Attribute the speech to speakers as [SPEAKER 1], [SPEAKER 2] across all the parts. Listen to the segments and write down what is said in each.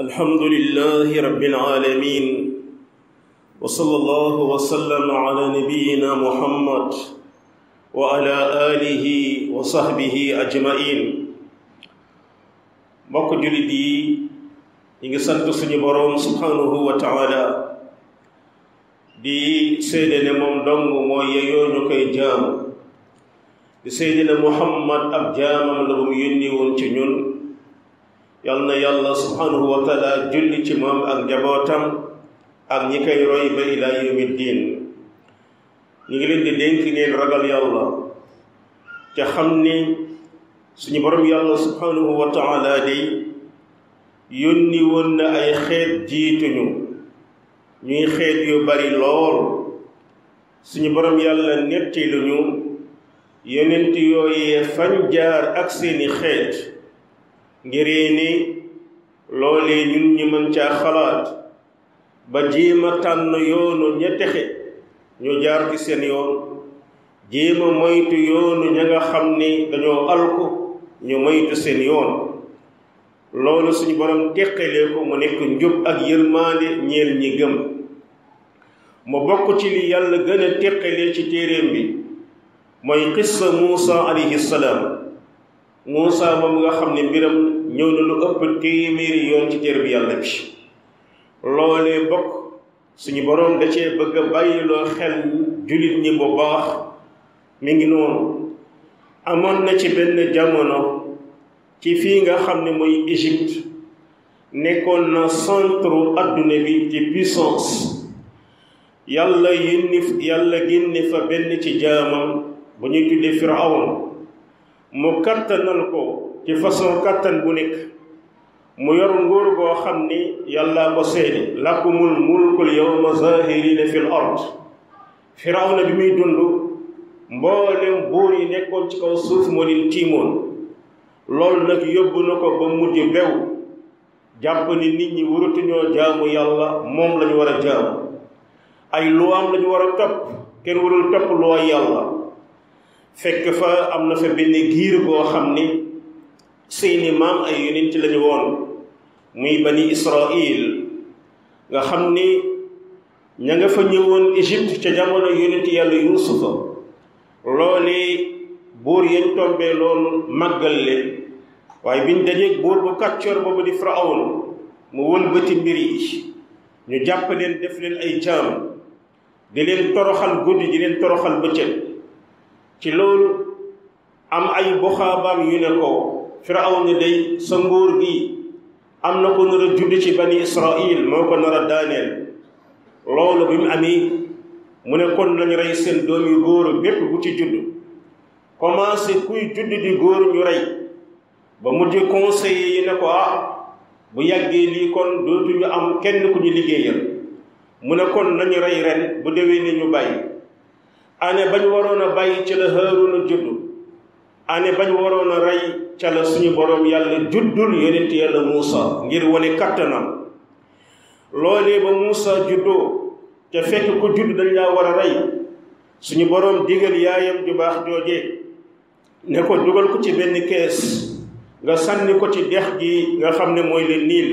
[SPEAKER 1] الحمد لله رب العالمين وصلى الله وسلم على نبينا محمد وعلى آله وصحبه أجمعين بك جلدي إنك سنت سنبرون سبحانه وتعالى دي سيدنا ممدن ومويون كي جام دي سيدنا محمد أبجام من رميني ونشنون yal na yàlla subhanahu wa taala julli ci moom ak njabootam ak ñi koy roy ba ila yawmi diin ñu ngi leen di dénk neen ragal yàlla te xam ni suñu borom yàlla subhanahu wa taala day yónni woon na ay xeet jiituñu ñuy xeet yu bari lool suñu borom yàlla netti luñu yonent yooyee fañ jaar ak seeni xeet ngir ni loolee ñun ñu mën caa xalaat ba jéem tànn yoonu ña texe ñu jaar ci seen yoon jéem moytu yoonu ña nga xam ni dañoo alku ñu moytu seen yoon loolu suñu borom teqalee ko mu nekk njub ak yërmaande ñeel ñi gëm mu bokk ci li yàlla gën a ci téeréem bi mooy qissa Muusa alayhi Muusa moom nga xam ne mbiram ñëw na lu ëpp téeméeri yoon ci téere yàlla bi loolee bokk suñu boroom da cee bëgg a bàyyiloo xel jullit ñi bu baax mi ngi noonu amoon na ci benn jamono ci fii nga xam ne mooy Égypte nekkoon na centre adduna bi ci puissance yàlla yónni yàlla génne fa benn ci jaamam bu ñuy tuddee Firawna mu kattanal ko ci façon kattan bu nekk mu yor nguur goo xam ni yàlla ko seede lakumul mulkul yi zahirina fil ard firawna bi muy dund mboolem buur yi nekkoon ci kaw suuf moo leen tiimoon loolu nag yóbbu na ko ba mujj bew jàpp ni nit ñi waratuñoo jaamu yàlla moom lañu ñu war a jaamu ay luwaam la ñu war a topp kenn warul topp loo yàlla fekk fa am na fa benn giir boo xam ni seeni maam ay yonent lañu woon muy bani Israil nga xam ni ña nga fa ñëwoon Égypte ca jamono ci yàlla Yuusufa loolee buur yañ tombee loolu màggal leen waaye biñ dajeeg buur bu kàccoor boobu di Firawn mu wëlbati mbir yi ñu jàpp leen def leen ay jaam di leen toroxal guddi di leen toroxal bëccëg ci loolu am ay boxaabaam yu ne ko firaw ni day sa nguur gi am na ko nar judd ci bani israil moo ko nar a daaneel loolu bi mu amee mu ne kon lañu rey seen doom yu góor bépp bu ci judd commencé kuy judd di góor ñu rey ba mujj conseiller yi ne ko ah bu yàggee lii kon dootuñu am kenn ku ñu liggéeyal mu ne kon nañu rey ren bu déwee ne ñu bàyyi année bañ waroon a bàyyi ca la Haaruna juddu année bañ waroon a rey ca la suñu borom yàlla juddul yonent yàlla Muusa ngir wane kattanam loolee ba Muusa juddoo ca fekk ko judd dañ laa war a rey suñu borom digal yaayam ju baax jooje ne ko dugal ko ci benn kees nga sànni ko ci dex gi nga xam ne mooy le Niil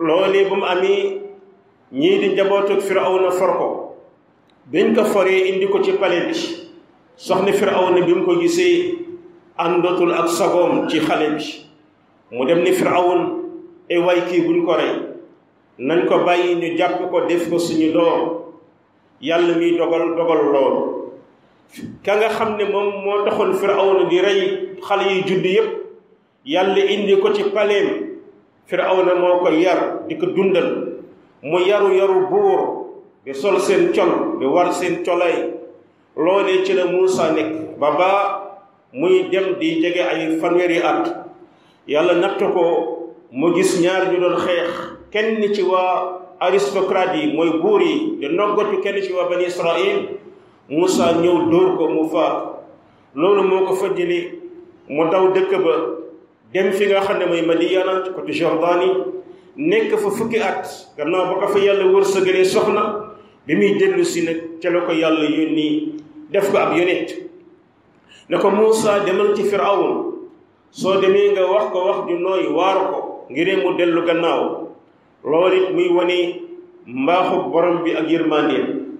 [SPEAKER 1] loolee ba mu amee ñii di njabootu na for ko biñ ko foree indi ko ci palais bi soxna Firawna bi mu ko gisee àndatul ak sagoom ci xale bi mu dem ni Firawna e way kii buñ ko rey nañ ko bàyyi ñu jàpp ko def ko suñu doom yàlla miy dogal dogal lool ka nga xam ne moom moo taxoon Firawna di rey xale yi judd yépp yàlla indi ko ci paleem Firawna moo ko yar di ko dundal mu yaru yaru buur di sol seen col di war seen colay loole ci la Muusa nekk ba muy dem di jege ay fanweeri at yàlla natt ko mu gis ñaar ñu doon xeex kenn ci waa aristocrate yi mooy buur yi di bi kenn ci waa bani Israil Muusa ñëw dóor ko mu faat loolu moo ko fëddili mu daw dëkk ba dem fi nga xam ne mooy Madiana ci côté Jordanie nekk fa fukki at gannaaw ba ko fa yàlla wërsëgalee soxna bi muy dellu nag ca la ko yàlla nii def ko ab yonent ne ko Moussa demal ci Firawun soo demee nga wax ko wax ju nooy waaru ko ngir mu dellu gannaaw loolu it muy wane mbaaxu borom bi ak yërmandeem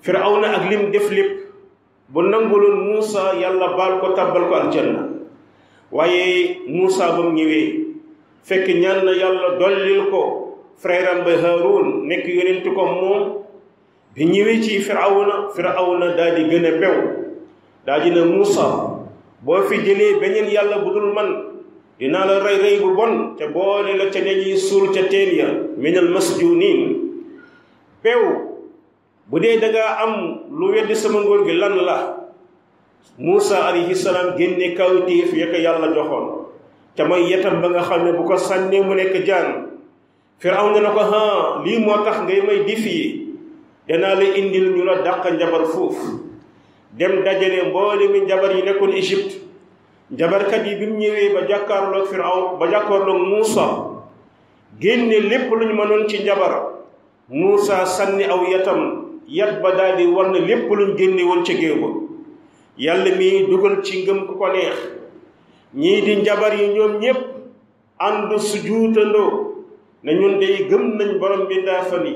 [SPEAKER 1] Firawna ak lim def lépp bu nanguloon Moussa yàlla baal ko tàbbal ko ak aljanna waaye Moussa ba mu ñëwee fekk ñaan na yàlla dollil ko frère am ba nekk yonent ko moom bi ñëwee ci firawna firawna daal di gën a bew di ne Muusa boo fi jëlee beneen yàlla bu dul man dinaa la rey rey bu bon te boole la ca ñuy suul ca teen ya minal masjunin pew bu dee dangaa am lu weddi sama ngóor gi lan la Muusa alayhi salaam génne kawtéef ya ko yàlla joxoon te may yetam ba nga xam ne bu ko sànnee mu nekk jaan firawna na ko ha lii moo tax ngay may défier danaa la indil ñu la dàq njabar fuuf dem dajale mboole mi njabar yi nekkoon Égypte njabarkat yi bi mu ñëwee ba jàkkaarloog Firaw ba jàkkaarloog Muusa génne lépp lu ñu mënoon ci njabar Muusa sànni aw yatam yat ba daal di war na lépp luñ génne woon ba yàlla mi dugal ci ngëm ku ko neex ñii di njabar yi ñoom ñépp ànd su juutandoo na ñun day gëm nañ borom bi ndaa fan yi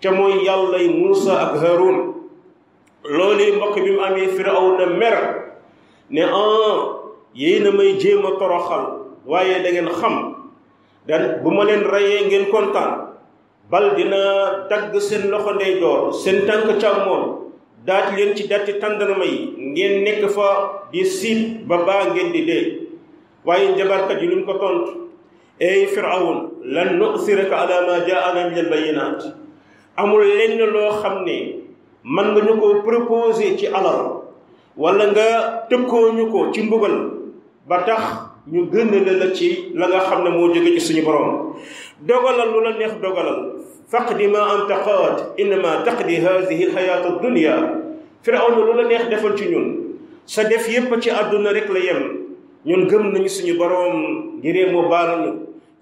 [SPEAKER 1] te mooy yàllay Muusa ak Haarun loolu mbokk bi mu amee Firawna mer ne ah yéen a may jéem a toroxal waaye da ngeen xam dan bu ma leen reyee ngeen kontaan bal dina dagg seen loxo ndeyjoor seen tànk càmmoon daaj leen ci datti tàndarma yi ngeen nekk fa di siit ba baa ngeen di dee waaye njabarkat yi luñ ko tontu ey firawun lan nu'siraka ala ma jaana min al bayinat amul lenn loo xam ne man nga ñu ko proposé ci alal wala nga tëkkoo ñu ko ci mbugal ba tax ñu gën la la ci la nga xam ne moo jóge ci suñu borom dogalal lu la neex dogalal faqdi ma anta qaad innama taqdi hadhihi alhayat ad-dunya fir'aun lu la neex defal ci ñun sa def yépp ci aduna rek la yem ñun gëm nañu suñu borom ngiree mo baal ñu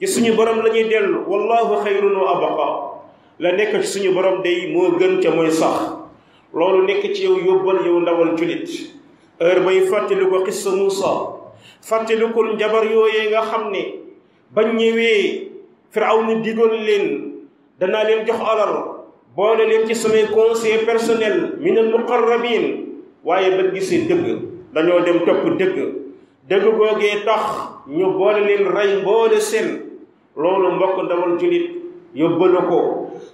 [SPEAKER 1] ci suñu borom lañuy wallahu khayrun wa abqa la nekk ci suñu borom day moo gën ca moy sax loolu nekk ci yow yóbbal yow ndawal julit heure bay fàttali ko xissa Muusa fàttalikul njabar yooyee nga xam ne bañ ñëwee Firawna digoon leen danaa leen jox alal boole leen ci samay conseil personnel min al muqarrabin waaye ba gisee dëgg dañoo dem topp dëgg dëgg googee tax ñu boole leen rey mboole seen loolu mbokk ndawal julit yóbbalu ko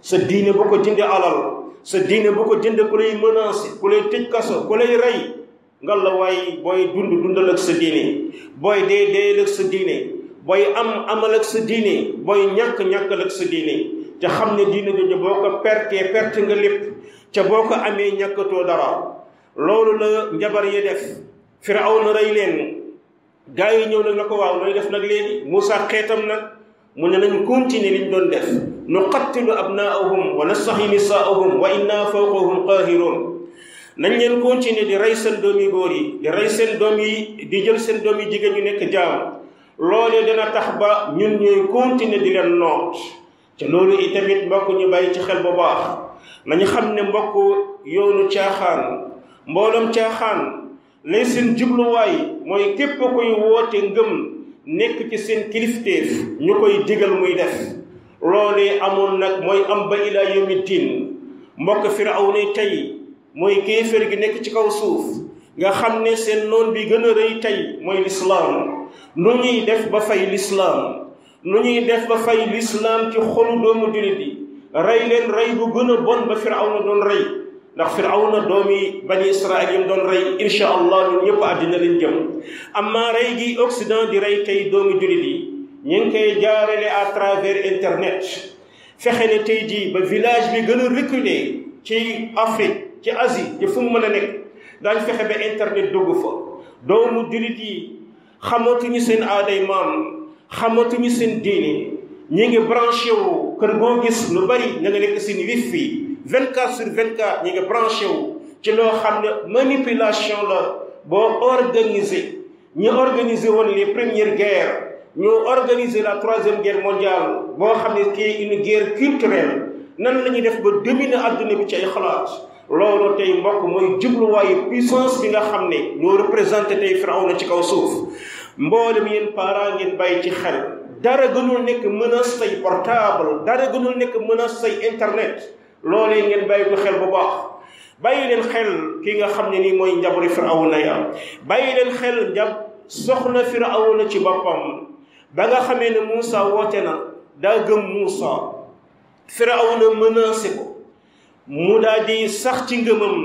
[SPEAKER 1] sa diine boo ko jënde alal sa diine boo ko jënde ku lay menacé ku lay tëj kaso ku lay rey nga la waay booy dund dundal ak sa diine booy dee deel ak sa diine booy am amal ak sa diine booy ñàkk-ñàkkal ak sa diine ca xam ne diine jooju boo ko pertee perte nga lépp ca boo ko amee ñàkkatoo dara loolu la njabar yi def firaw na rey leen gaa yi ñëw na nga ko waaw looy def nag léegi Moussa xeetam nag mu ne nañ continuer liñ doon def nuqattilu abnaahum wa nastaxyi nisaahum wa inna fawqahum qaahiroon nañ leen continuer di rey seen doom yi góor yi di rey seen doom yi di jël seen doom yi jigéen ñu nekk jaam loolee dana tax ba ñun ñuy continuer di leen noot te loolu itamit mbokk ñu bàyyi ci xel bu baax nañu xam ne mbokk yoonu caaxaan mbooloom caaxaan lay seen jubluwaay mooy képp koy woote ngëm nekk ci seen kilifteef ñu koy digal muy def loolee amoon nag mooy am ba ilaa yawmiddin mbokk firawna tey mooy kéeféer gi nekk ci kaw suuf nga xam ne seen noon bi gën a rëy tey mooy lislaam nu ñuy def ba fay lislaam nu ñuy def ba fay lislaam ci xolu doomu jullit yi rey leen rey bu gën a bon ba firawna doon rey ndax firawna doomi bani israel yim mu doon rey insha allah ñun ñëpp àddina lañ jëm amma rey gi occident di rey tey doomi julit yi ñu ngi koy jaarale à travers internet fexe ne tey jii ba village bi gën a reculé ci afrique ci asie ci fu mu mën a nekk daañ fexe ba internet dugg fa doomu julit yi xamatuñu seen aaday maam xamatuñu seen diine ñi ngi branché wu kër goo gis lu bari na nga nekk seen wif fii 24 sur 24 ñi nga branché wu ci loo xam ne manipulation la boo organisé ñu organisé woon les premières guerres ñu organisé la troisième guerre mondiale boo xam ne kii une guerre culturelle nan la ñuy def ba dominer adduna bi ci ay xalaat loolu tey mbokk mooy jubluwaayu puissance bi nga xam ne ñoo représenté tey Firawna ci kaw suuf mboolem yéen parents ngeen bàyyi ci xel dara gënul nekk menace say portable dara gënul nekk menace say internet loolu ngeen bàyyi ko xel bu baax bàyyi leen xel ki nga xam ne nii mooy njabori firawna ya bàyyi leen xel njab soxna firawna ci boppam ba nga xamee ne Moussa woote na daa gëm Moussa firawna menacé ko mu daal di sax ci ngëmam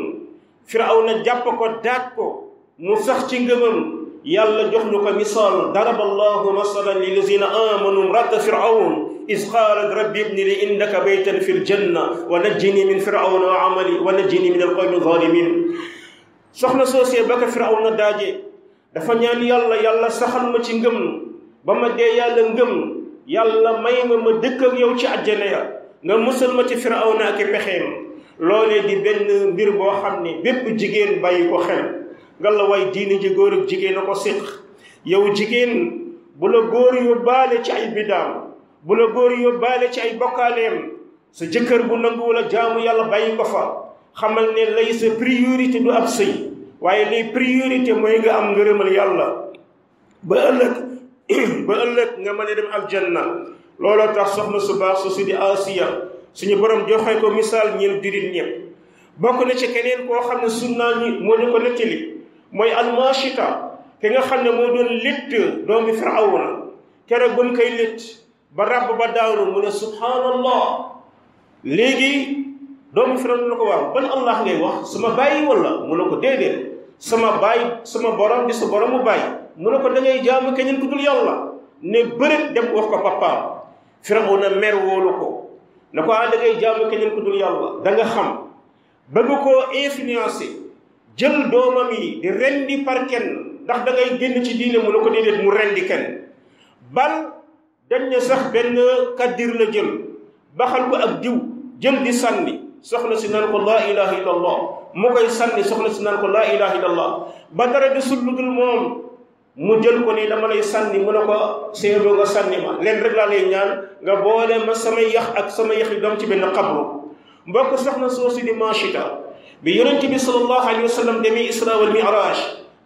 [SPEAKER 1] firawna jàpp ko daat ko mu sax ci ngëmam yàlla jox ñu ko misaal daraba allahu masalan lilazina amanu rada firawn إذ قالت رب ابن لي إنك بيتا في الجنة ونجني من فرعون وعملي ونجني من القوم الظالمين سخنا سوسي بك فرعون داجي دفن يان يعني يالا يالا سخن ما تنجم بما دي يالا نجم يالا ميم ما دكر يوشي أجنيا نمسل نعم ما تفرعون أكي بخيم لولي دي بن مير بوخمني بيب جيجين باي بوخيم قال واي ديني جي غورك جيجين وقصيخ يو جيجين بلو غور يبالي تعي بدام bu la góor yóbbaale ci ay bokkaaleem sa jëkkër bu nangu wala jaamu yàlla bàyyi nga fa xamal ne lay sa priorité du ab sëy waaye lay priorité mooy nga am ngërëmal yàlla ba ëllëg ba ëllëg nga mën a dem janna looloo tax soxna su baax su si di asiya suñu borom joxe ko misaal ñeen dirit ñëpp bokk na ci keneen koo xam ne sunnaa ñi moo ñu ko nettali mooy almashita ki nga xam ne moo doon litt doomi firawna kere bu kay litt ba ràbb ba daanu mu ne subhanallah léegi doomu firawna la ko waaw ban allah ngay wax sama bàyyi wala mu ne ko déedéet sama bàyyi sama borom di sa boromu bàyyi mu ne ko da ngay jaamu keneen ku dul yàlla ne bërit dem wax ko papaam na mer woolu ko ne ko ah da ngay jaamu keneen ku dul yàlla danga nga xam bëgg koo influencer jël doomam yi di rendi par kenn ndax da ngay génn ci diine mu ne ko déedéet mu rendi kenn bal dañ ne sax benn kaddir la jël baxal ko ak diw jël di sànni soxna si naan ko laa ilaha illa allah mu koy sànni soxna si nan ko laa ilaha illa allah ba dara gisul lu dul moom mu jël ko ne dama lay sànni mu ne ko seedoo nga sànni ma leen rek laa lay ñaan nga boole ma sama yax ak sama yax yi doom ci benn xabru mbokk soxna soosi di machita bi yonent bi sallallahu alayhi wa sallam demee isra wal miraj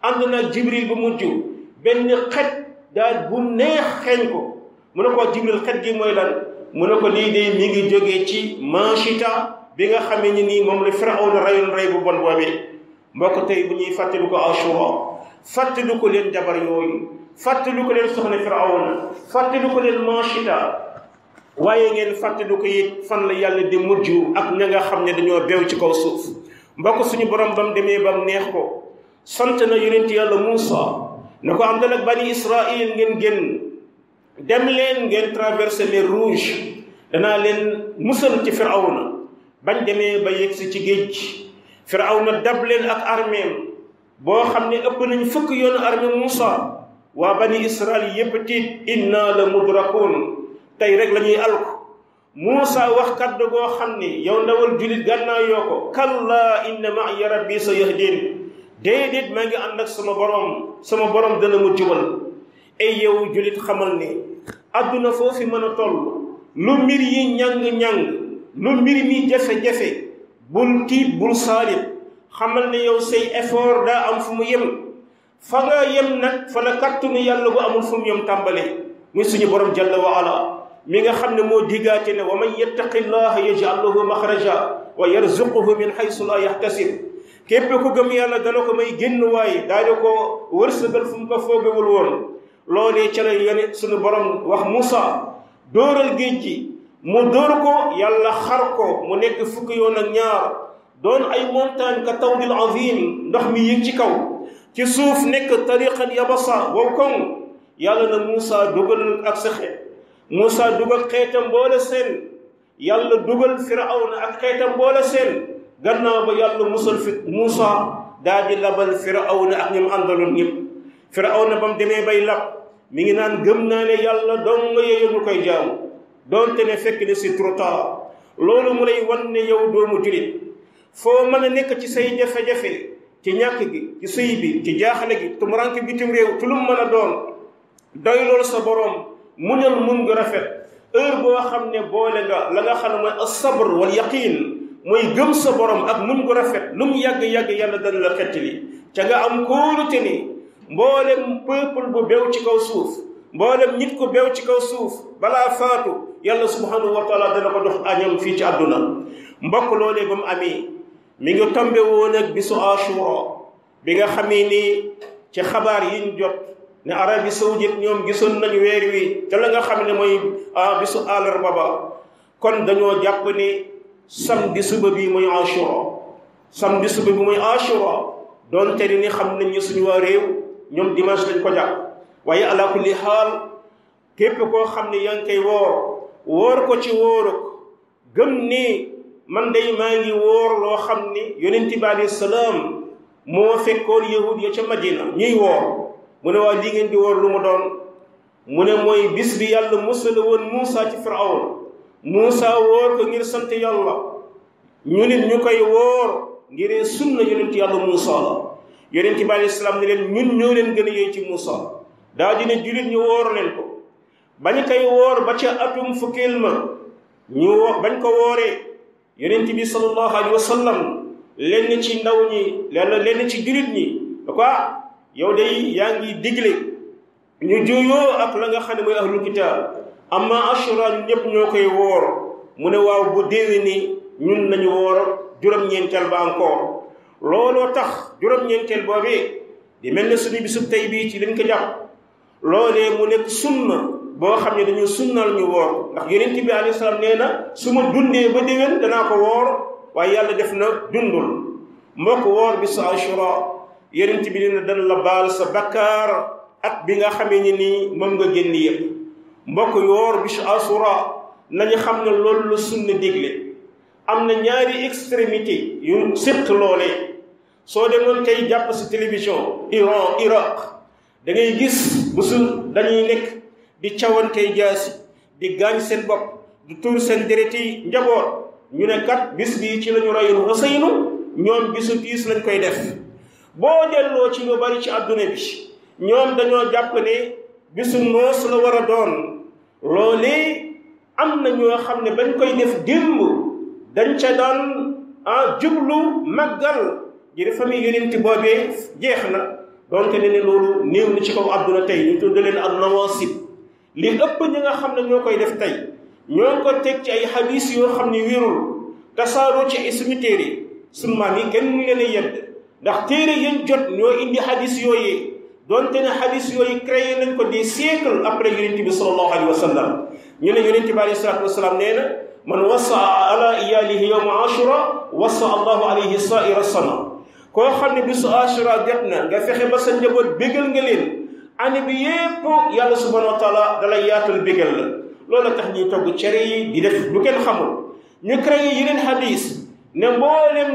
[SPEAKER 1] ànd naag jibril bu mujj benn xet daal bu neex xeeñ ko mu ne ko jibril xet gi mooy lan mu ne ko lii de mi ngi jógee ci manchita bi nga xamee ni nii moom la firawna rayoon rey bu bon boobee mbokk tey bu ñuy fàttali ko Ashura ko leen jabar yooyu fàttali ko leen soxna firawna fàttali ko leen manchita waaye ngeen fàttali ko it fan yàlla di mujj ak ña xam ne dañoo beew ci kaw suñu borom ba demee ba neex ko sant na yonent yàlla Muusa na ko àndal bani Israil ngeen génn dem ngeen traversé les rouges danaa leen musal ci firawna bañ demee ba yegsi ci géej firawna dab leen ak armeem boo xam ne ëpp nañ fukk yoonu armée Moussa waa bani Israël yépp tiit inna la mudrakuun tey rek lañuy ñuy alku wax kaddu goo xam ne yow ndawal julit gànnaa yoo ko kalla inna ma'iya rabbi sa yahdin déedéet maa ngi ànd ak sama borom sama borom dana mu ay yow jullit xamal ni àdduna foofu mën a toll lu mbir yi ñàng-ñàng lu mbir mi jafe-jafe bul tiit bul saalit xamal ne yow say effort daa am fu mu yem fa nga yem nag fa la kàttanu yàlla bu amul fu mu yem tàmbalee muy suñu borom jalla wa ala mi nga xam ne moo diggaate ne wa man yattaqi llaha yaj'al lahu maxraja wa yarzuquhu min haysu la yahtasib képp ku gëm yàlla dana ko may génn waaye daa di ko wërsëgal fu mu ko foogewul woon loolee ca la yone suñu borom wax Moussa dóoral géej gi mu dóor ko yàlla xar ko mu nekk fukki yoon ak ñaar doon ay montagne ka tawdil azim ndox mi yëg ci kaw ci suuf nekk tariqan yabasa wow koŋ yàlla na Moussa dugal ak sa xeet Moussa dugal xeetam boole seen yàlla dugal firawna ak xeetam boole seen gannaaw ba yàlla musal fi Moussa daal di labal firawna ak ñi mu àndaloon ñëpp na ba mu demee bay lab mi ngi naan gëm naa ne yàlla dong yooyu ñu koy jaamu doonte ne fekk ne c'est trop tard loolu mu lay wan ne yow doomu julit foo mën a nekk ci say jafe-jafe ci ñàkk gi ci sëy bi ci jaaxale gi tumuranke bitim réew ci lu mu mën a doon doy loolu sa boroom muñal mun nga rafet heure boo xam ne boole nga la nga xam ne mooy as-sabr wal yaqin mooy gëm sa boroom ak mun nga rafet lu mu yàgg-yàgg yàlla dana la xettali ca nga mboolem peuple bu bew ci kaw suuf mboolem nit ku bew ci kaw suuf balaa faatu yàlla subhanahu wa taala dana ko dox añam fii ci àdduna mbokk loole ba mu amee mi ngi tombe woon ak bisu ashura bi nga xamee ni ci xabaar yiñ jot ne arabi saoudite ñoom gisoon nañu weer wi te la nga xam ne mooy bisu àllarba ba kon dañoo jàpp ni samedi suba bi mooy ashura samedi suba bi mooy ashura doonte ni xam nañ ñu suñu waa ñoom dimanche lañ ko jàpp waaye ala kulli xaal koo xam ne yaa ngi koy woor woor ko ci wóoruk gëm ni man day maa ngi woor loo xam ni yonent bi alayhi salaam moo fekkoon yahud ya ca madina ñuy woor mu ne waa lii di woor lu mu doon mu ne mooy bis bi yàlla musal woon Muusa ci Firawna Muusa woor ko ngir sant yàlla ñu nit ñu koy woor ngir sunna yonent yàlla Muusa la yonent bi alayhi salaam ne leen ñun ñoo leen gën a yee ci Muusa daa di ne jullit ñu woor leen ko bañ koy woor ba ca atum fukkeel ma ñu wo bañ ko wooree yonent bi sallallahu alayhi wa sallam lenn ci ndaw ñi lenn lenn ci jullit ñi da ah, quoi yow day yaa ngi digle ñu juyoo ak la nga xam ne mooy ahlul kitaab amma ashura ñu ñëpp ñoo koy woor mu ne waaw bu déwé ni ñun nañu woor juróom-ñeentel ba encore looloo tax juróom-ñeenteel boobee di mel ne suñu bisub tey bii ci dañ ko jàpp loolee mu nekk sunna boo xam ne dañu suñ na ñu woor ndax yonent bi alayhi salaam nee na su ma dundee ba déwén danaa ko woor waaye yàlla def na dundul mbokk woor bi sa ashura yonent bi nee na la baal sa bakkaar at bi nga xamee ni nii moom nga génn yëpp mbokk woor bi sa ashura nañu xam ne loolu la sunna am na ñaari extrémité yu siq loole soo demoon tey jàpp si télévision Iran Irak da ngay gis bu su dañuy nekk di cawantey jaasi di gaañ seen bopp di tuur seen deret yi njaboot ñu ne kat bis bii ci lañu rayul Huseynu ñoom bisu tiis lañ koy def boo delloo ci lu bari ci adduna bi ñoom dañoo jàpp ne bisu noos la war a doon loolee am na ñoo xam ne bañ koy def démb dañ ca doon ah jublu màggal ngir famille yonent boobee jeex na donte ne ne loolu néew na ci kaw àdduna tey ñu tudd leen ak nawaasib li ëpp ñi nga xam ne ñoo koy def tey ñoo ko teg ci ay xadiis yoo xam ne wérul tasaaroo ci ay suñu téere suñu maam yi kenn leen a ndax téere yéen jot ñoo indi xadiis yooyee donte ne xadis yooyu créé nañ ko des siècles après yonent bi sallallahu alayhi wa sallam ñu ne yonent bi alayhi salaatu wa salaam nee na من وسع على إياله يوم عشرة وسع الله عليه سائر السماء كو خاني بس عشرة ديقنا غفخي بس نجبوت بيقل نجلين عني بيبو يالا سبحانه وتعالى دلائيات البيقل لولا تخني توقو تشري دي دف لكن خمو نكري يرين حديث نمبولم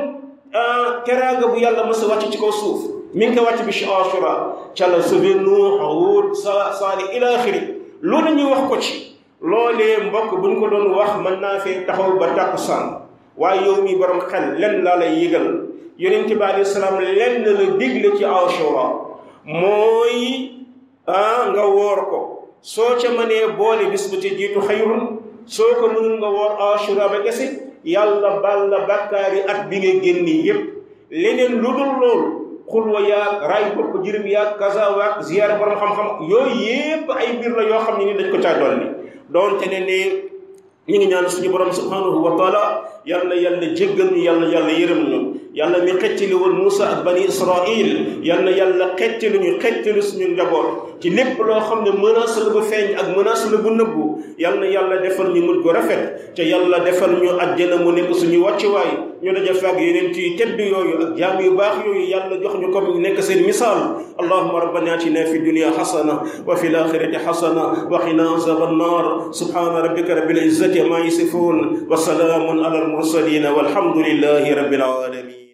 [SPEAKER 1] آه، كراغ بو يالا مسا واتي تكو صوف من كو واتي بش عشرة تشالا سبين نوح عود صالح إلى آخرين لولا نيوح كوتشي loolee mbokk buñ ko doon wax mën naa fee taxaw ba takkusaan waaye yow mi borom xel lenn laa lay yëgal yonente bi alei salaam lenn la digle ci Ashura mooy ah nga woor ko soo ca mënee boole bis bu ca jiitu xayrun soo ko mënul nga woor Ashura ba kese yàlla bal la bàkkaari at bi nga génni yépp leneen lu dul loolu wa yaag ray bopp jirim yaag kaza waag ziyaara borom xam-xam yooyu yépp ay mbir la yoo xam ne ni dañ ko caa dolli doonte ne ni ñu ngi ñaan suñu borom subhanahu wa taala yal na yàlla jéggal ñu yal na yàlla yërëm ñu yàlla mi xeccali woon Moussa ak bani Israil yal na yàlla xeccali ñu xeccali suñu njaboot ci lépp loo xam ne menace la bu feeñ ak menace la bu nëbbu yal na yàlla defal ñu mujj gu rafet te yàlla defal ñu àjjana mu nekk suñu wàccuwaay ñu daje fàgg yeneen ci tedd yooyu ak jaam yu baax yooyu yàlla jox ñu ko nekk seen misaal allahuma rabbana atina fi dunia xasana wa fi laxirati xasana wa qina azaba annar subhana rabbika rabbil izzati ma yasifun wa salaamun ala المرسلين والحمد لله رب العالمين